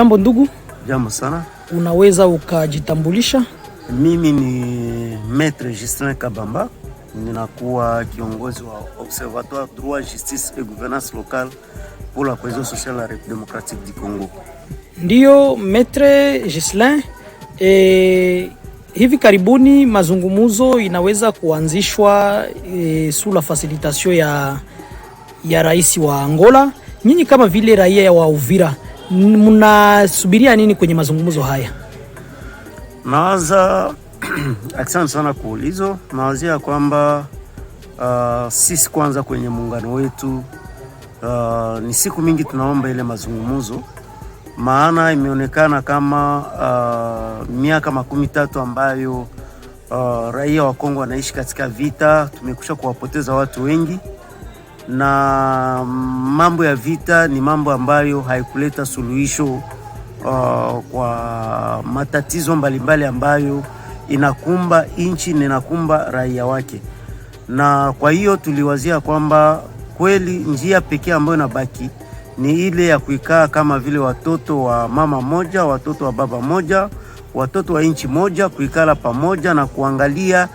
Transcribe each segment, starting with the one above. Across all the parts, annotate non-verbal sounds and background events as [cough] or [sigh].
Jambo ndugu. Jambo sana. Unaweza ukajitambulisha? Mimi ni Maître Justin Kabamba, ninakuwa kiongozi wa Observatoire Droit, Justice et Gouvernance Locale pour la Cohésion sociale la République démocratique du Congo. Ndiyo, Maître Justin, e, hivi karibuni mazungumzo inaweza kuanzishwa e, sous la facilitation ya, ya rais wa Angola. Nyinyi kama vile raia wa Uvira mnasubiria nini kwenye mazungumzo haya? Nawaza [clears throat] asante sana kuulizwa. Nawazia ya kwamba uh, sisi kwanza kwenye muungano wetu uh, ni siku mingi tunaomba ile mazungumzo, maana imeonekana kama uh, miaka makumi tatu ambayo uh, raia wa Kongo wanaishi katika vita, tumekusha kuwapoteza watu wengi na mambo ya vita ni mambo ambayo haikuleta suluhisho uh, kwa matatizo mbalimbali ambayo inakumba nchi na inakumba raia wake, na kwa hiyo tuliwazia kwamba kweli njia pekee ambayo inabaki ni ile ya kuikaa kama vile watoto wa mama moja, watoto wa baba moja, watoto wa nchi moja, kuikala pamoja na kuangalia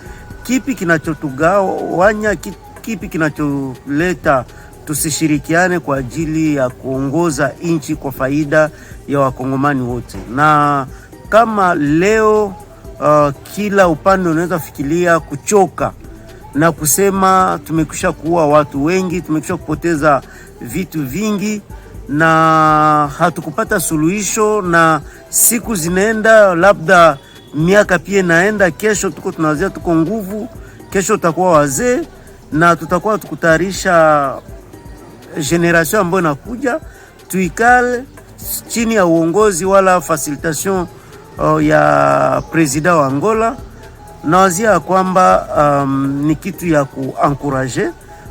kipi kinachotugawanya, kipi kipi kinacholeta tusishirikiane kwa ajili ya kuongoza nchi kwa faida ya wakongomani wote. Na kama leo uh, kila upande unaweza fikiria kuchoka na kusema tumekwisha kuua watu wengi, tumekwisha kupoteza vitu vingi na hatukupata suluhisho, na siku zinaenda, labda miaka pia inaenda, kesho tuko tunawazia, tuko nguvu, kesho tutakuwa wazee na tutakuwa tukutayarisha generation ambayo inakuja tuikale chini ya uongozi wala facilitation uh, ya presida wa Angola. Nawazia ya kwamba um, ni kitu ya kuankuraje,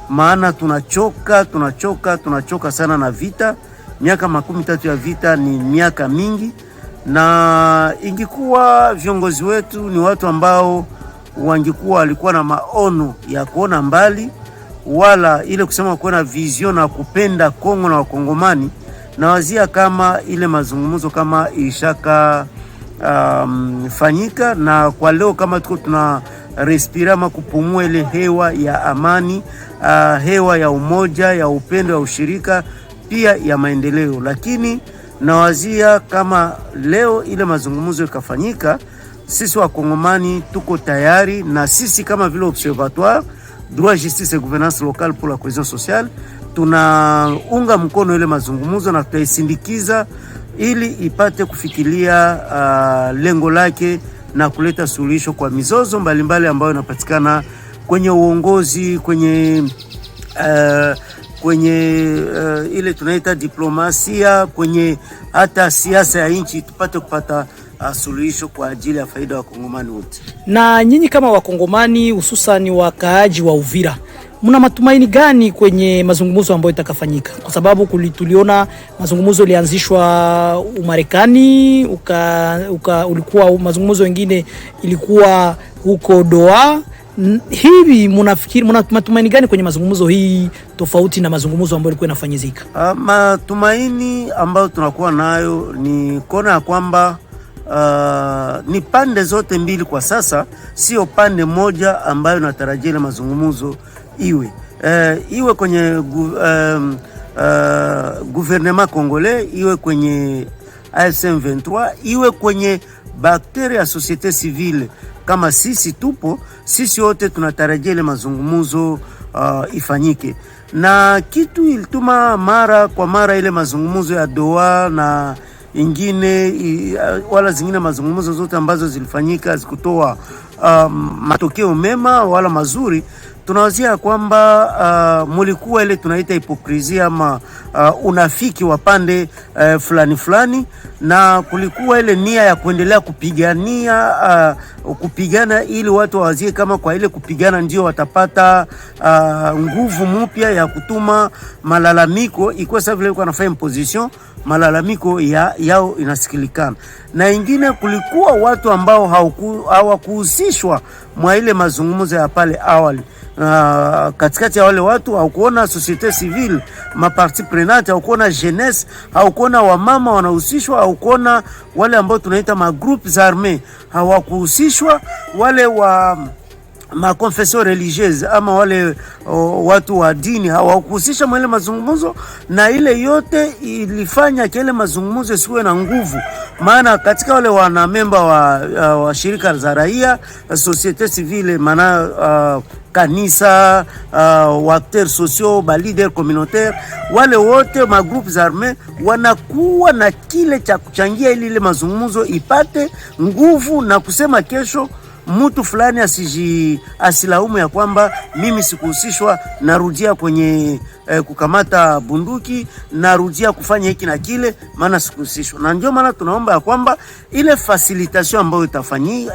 maana tunachoka tunachoka tunachoka sana na vita. Miaka makumi tatu ya vita ni miaka mingi, na ingikuwa viongozi wetu ni watu ambao Wangekuwa walikuwa na maono ya kuona mbali, wala ile kusema kuwa na vision na kupenda Kongo na Wakongomani, na wazia kama ile mazungumzo kama ishaka um, fanyika na kwa leo kama tuko tuna respira ama kupumua ile hewa ya amani uh, hewa ya umoja ya upendo ya ushirika pia ya maendeleo, lakini nawazia kama leo ile mazungumzo ikafanyika sisi wakongomani tuko tayari, na sisi kama vile observatoire droit justice et gouvernance locale pour la cohesion sociale tunaunga mkono ile mazungumzo na tutaisindikiza ili ipate kufikilia uh, lengo lake na kuleta suluhisho kwa mizozo mbalimbali mbali ambayo inapatikana kwenye uongozi kwenye uh, kwenye uh, ile tunaita diplomasia kwenye hata siasa ya nchi tupate kupata suluhisho kwa ajili ya faida ya wakongomani wote. Na nyinyi kama wakongomani hususani wakaaji wa Uvira mna matumaini gani kwenye mazungumzo ambayo itakafanyika? Kwa sababu tuliona mazungumzo ilianzishwa Umarekani uka, uka, ulikuwa mazungumzo mengine ilikuwa huko Doha. Hivi mnafikiri mna matumaini gani kwenye mazungumzo hii tofauti na mazungumzo ambayo ilikuwa inafanyizika? Ah, matumaini ambayo tunakuwa nayo ni kuona ya kwamba uh, ni pande zote mbili kwa sasa, sio pande moja ambayo natarajia ile mazungumzo iwe uh, iwe kwenye gu, um, uh, gouvernement congolais iwe kwenye asm 23 iwe kwenye bakteria ya societe civile kama sisi tupo, sisi wote tunatarajia ile mazungumzo uh, ifanyike, na kitu ilituma mara kwa mara ile mazungumzo ya Doha na ingine uh, wala zingine mazungumzo zote ambazo zilifanyika zikutoa um, matokeo mema wala mazuri. Tunawazia kwamba uh, mulikuwa ile tunaita hipokrizia ama uh, unafiki wa pande uh, fulani fulani, na kulikuwa ile nia ya kuendelea kupigania uh, kupigana ili watu wawazie kama kwa ile kupigana ndio watapata uh, nguvu mpya ya kutuma malalamiko, ikuwa sawa vile kwa nafanya position malalamiko ya, yao inasikilikana. Na ingine kulikuwa watu ambao hawakuhusishwa mwa ile mazungumzo ya pale awali. Uh, katikati ya wale watu haukuona societe civile, maparti prenante, haukuona jeunesse, haukuona wamama wanahusishwa, haukuona wale ambao tunaita magroupe arme hawakuhusishwa kuhamishwa wale wa mm, makonfesio religieuse ama wale o, watu wa dini hawakuhusisha mwele mazungumzo, na ile yote ilifanya kile mazungumzo isiwe na nguvu. Maana katika wale wanamemba wa, uh, wa shirika za raia societe civile maana uh, kanisa, uh, waakteur sociaux, ba leader communautaire, wale wote magroupe za arme wanakuwa na kile cha kuchangia ili ile mazungumzo ipate nguvu na kusema kesho mtu fulani asiji asilaumu ya kwamba mimi sikuhusishwa, narudia kwenye eh, kukamata bunduki, narudia kufanya hiki na kile, maana sikuhusishwa. Na ndio maana tunaomba ya kwamba ile facilitation ambayo itafanyia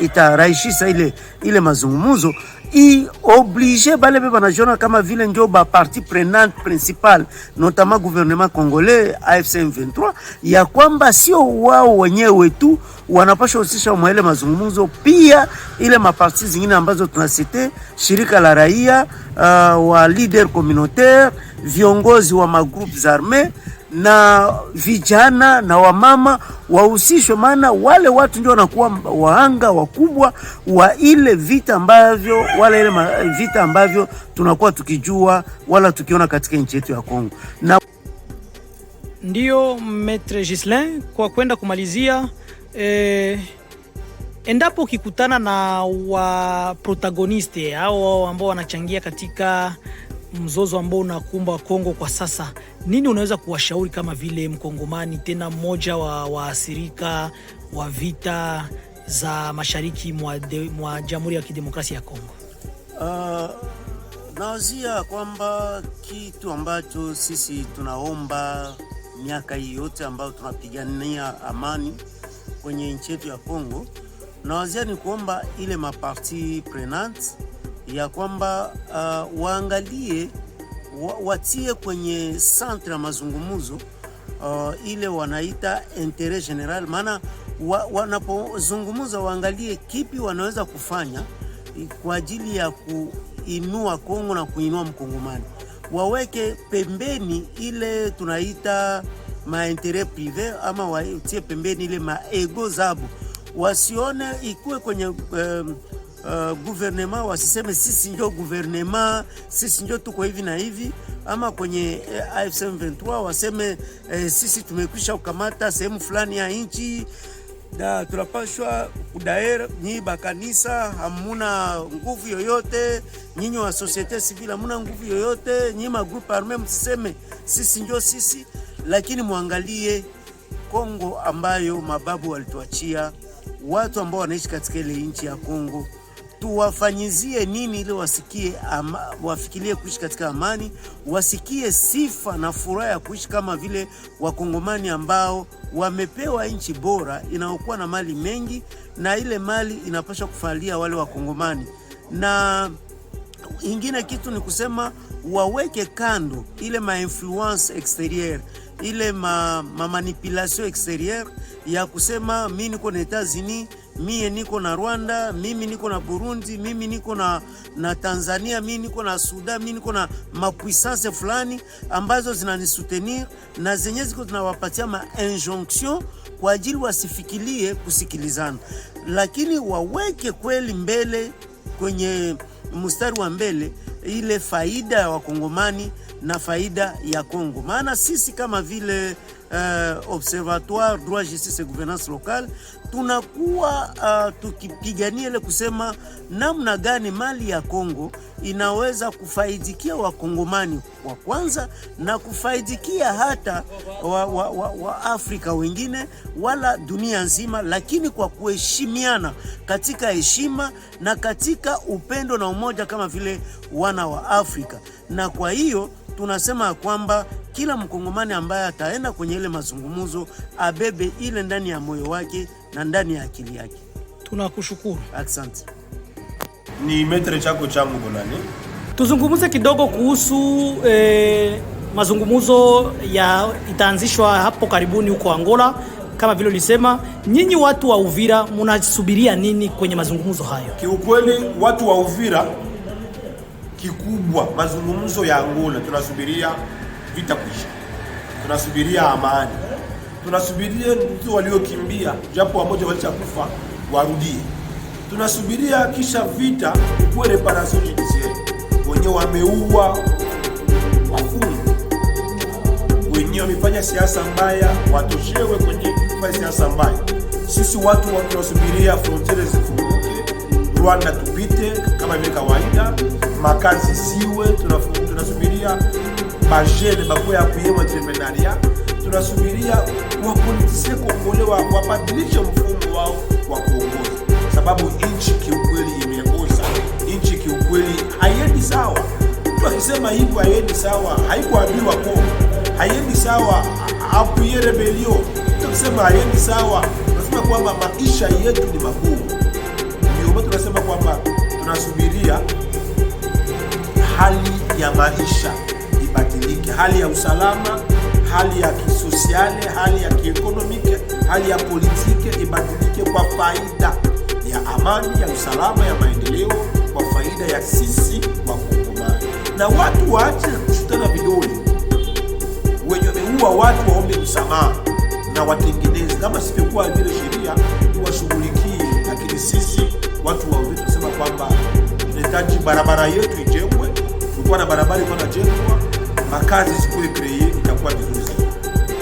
itarahisisha ita ile, ile mazungumzo i oblige bale be banajiona kama vile ndio ba partie prenante principale notamment gouvernement congolais AFC M23, ya kwamba sio wao wenyewe tu wanapasha husisha mwaile mazungumzo, pia ile maparti zingine ambazo tunasite shirika la raia uh, wa leader communautaire, viongozi wa magroupe armee na vijana na wamama wahusishwe, maana wale watu ndio wanakuwa wahanga wakubwa wa ile vita ambavyo wala ile vita ambavyo tunakuwa tukijua wala tukiona katika nchi yetu ya Kongo. Na ndio Maitre Gislin, kwa kwenda kumalizia eh, endapo ukikutana na waprotagoniste au ambao wanachangia katika mzozo ambao unakumba Kongo kwa sasa, nini unaweza kuwashauri kama vile mkongomani tena mmoja wa waathirika wa vita za mashariki mwa, mwa Jamhuri ya Kidemokrasia ya Kongo? Uh, ah, nawazia kwamba kitu ambacho sisi tunaomba miaka hii yote ambayo tunapigania amani kwenye nchi yetu ya Kongo, nawazia ni kuomba ile maparti prenante ya kwamba uh, waangalie wa, watie kwenye centre ya mazungumzo uh, ile wanaita interet general, maana wanapozungumza waangalie kipi wanaweza kufanya kwa ajili ya kuinua Kongo na kuinua Mkongomani, waweke pembeni ile tunaita maintere prive ama watie pembeni ile maego zabo, wasione ikuwe kwenye um, uh, guvernema wasiseme sisi ndio guvernema, sisi ndio tuko hivi na hivi, ama kwenye uh, eh, AFC M23 waseme eh, sisi tumekwisha kukamata sehemu fulani ya nchi da tunapashwa kudaer nyinyi bakanisa hamuna nguvu yoyote, nyinyi wa societe civile hamuna nguvu yoyote, nyinyi magrupe arme msiseme sisi ndio sisi, lakini mwangalie Kongo ambayo mababu walituachia watu ambao wanaishi katika ile nchi ya Kongo tuwafanyizie nini ili wasikie ama, wafikirie kuishi katika amani, wasikie sifa na furaha ya kuishi kama vile wakongomani ambao wamepewa nchi bora inayokuwa na mali mengi, na ile mali inapaswa kufalia wale wakongomani. Na ingine kitu ni kusema waweke kando ile ma influence exterieur ile ma, ma manipulation exterieur ya kusema mimi niko na Etats-Unis mie niko na Rwanda, mimi niko na Burundi, mimi niko na, na Tanzania, mimi niko na Sudan, mimi niko na mapuissance fulani ambazo zinanisutenir na zenye ziko zinawapatia ma injonction kwa ajili wasifikilie kusikilizana, lakini waweke kweli mbele kwenye mstari wa mbele ile faida ya Wakongomani na faida ya Kongo, maana sisi kama vile uh, Observatoire Droit, Justice et Gouvernance Locale, tunakuwa uh, tukipigania ile kusema namna gani mali ya Kongo inaweza kufaidikia wakongomani wa kwanza na kufaidikia hata wa, wa, wa, wa Afrika wengine wala dunia nzima, lakini kwa kuheshimiana katika heshima na katika upendo na umoja kama vile wana wa Afrika. Na kwa hiyo tunasema kwamba kila mkongomani ambaye ataenda kwenye ile mazungumzo abebe ile ndani ya moyo wake na ndani ya akili yake. Tunakushukuru, asante. Ni metre chako changu Bonani, tuzungumze kidogo kuhusu eh, mazungumzo ya itaanzishwa hapo karibuni huko Angola. Kama vile ulisema, nyinyi watu wa Uvira mnasubiria nini kwenye mazungumzo hayo? Kiukweli watu wa Uvira, kikubwa mazungumzo ya Angola tunasubiria vita kuisha, tunasubiria amani, tunasubiria ndugu waliokimbia japo wamoja walishakufa warudie, tunasubiria kisha vita ikuwe reparasoni nchi yetu. wameua wafungwa, wenyewe wamefanya siasa mbaya, watoshewe kwenye kufanya siasa mbaya. Sisi watu tunasubiria frontiere zifunguke, Rwanda tupite kama vile kawaida, makazi siwe, tunasubiria bajene ya kuyema entrepreneuria, tunasubiria wapolitisia kuongolewa wabadilishe mfumo wao wa kuongoza, sababu nchi kiukweli imekosa nchi kiukweli haiendi sawa. Mtu akisema hivyo haiendi sawa, haikuambiwa ko haiendi sawa, akuye rebelio. Mtu akisema haiendi sawa, tunasema kwamba maisha yetu ni magumu. Ndio tunasema kwamba tunasubiria hali ya maisha ibadilike, hali ya usalama, hali ya kisosiale, hali ya kiekonomike, hali ya politike ibadilike kwa faida ya amani, ya usalama, ya maendeleo, kwa faida ya sisi Wakongomani. Na watu waache kushutana vidole, wenye wameua watu waombe msamaha na watengeneze, kama sivyokuwa vile sheria iwashughulikie. Lakini sisi watu wa Uvira tunasema kwamba tunahitaji barabara yetu ijengwe. Tulikuwa na barabara ilikuwa inajengwa makazi siku kreye itakuwa vizuri.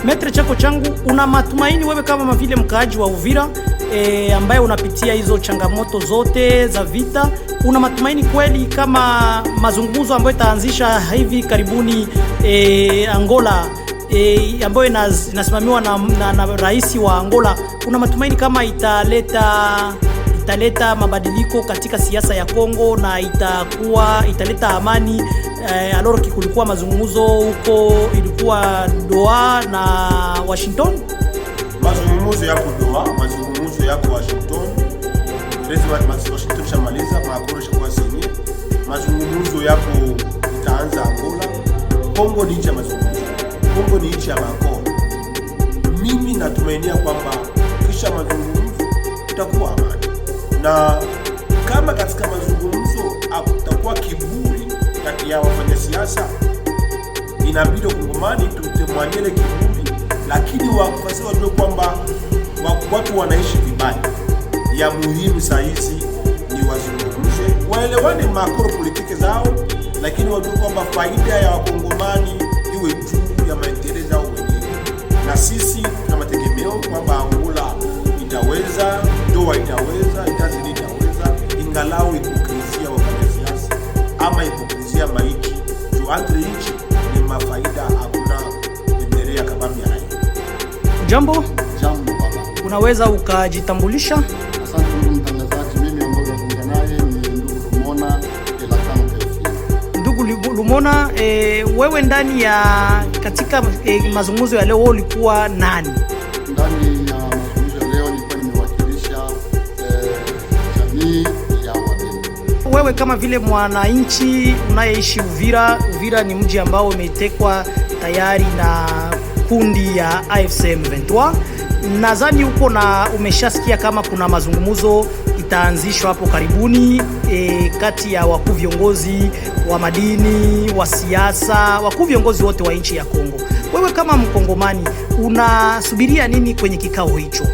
Metre Chako Changu, una matumaini wewe kama mavile mkaaji wa Uvira e, ambaye unapitia hizo changamoto zote za vita, una matumaini kweli kama mazungumzo ambayo itaanzisha hivi karibuni e, Angola e, ambayo inasimamiwa na, na, na rais wa Angola, una matumaini kama italeta italeta mabadiliko katika siasa ya Kongo na itakuwa italeta amani. Eh, alorki kulikuwa mazungumzo huko, ilikuwa Doha na Washington, mazungumzo yako Doha, mazungumzo yako Washington, Washington shamaliza maakoro shakuwa sini, mazungumzo yako itaanza Angola. Kongo ni nchi ya mazungumzo, Kongo ni nchi ya maakoro. Mimi natumainia kwamba kisha mazungumzo itakuwa amani na kama katika mazungumzo hakutakuwa kiburi kati ya wafanya siasa inabidi Wakongomani tutemwanele kiburi, lakini wafasi wajue kwamba watu wanaishi vibaya. Ya muhimu sahizi ni wazungumze, waelewane makoro politiki zao, lakini wajue kwamba faida ya wakongomani iwe juu ya maendeleo yao wenyewe, na sisi tuna mategemeo kwamba Angola itaweza, Doha itaweza angalau hipokrisia wa wafanyasiasa ama hipokrisia maiki maichi tuandre nchi ni mafaida, hakuna endelea kabambi ya Jambo, jambo baba, unaweza ukajitambulisha? Asante ndugu mtangazaji, mimi ambaye nazungumza naye ni ndugu Lumona Elakano Teofili. Ndugu Lumona, e, wewe ndani ya katika e, mazungumzo ya leo ulikuwa nani? wewe kama vile mwananchi unayeishi Uvira, Uvira ni mji ambao umetekwa tayari na kundi ya AFC M23. Nadhani uko na umeshasikia kama kuna mazungumzo itaanzishwa hapo karibuni e, kati ya wakuu viongozi wa madini, wa siasa, wakuu viongozi wote wa nchi ya Kongo. Wewe kama Mkongomani unasubiria nini kwenye kikao hicho?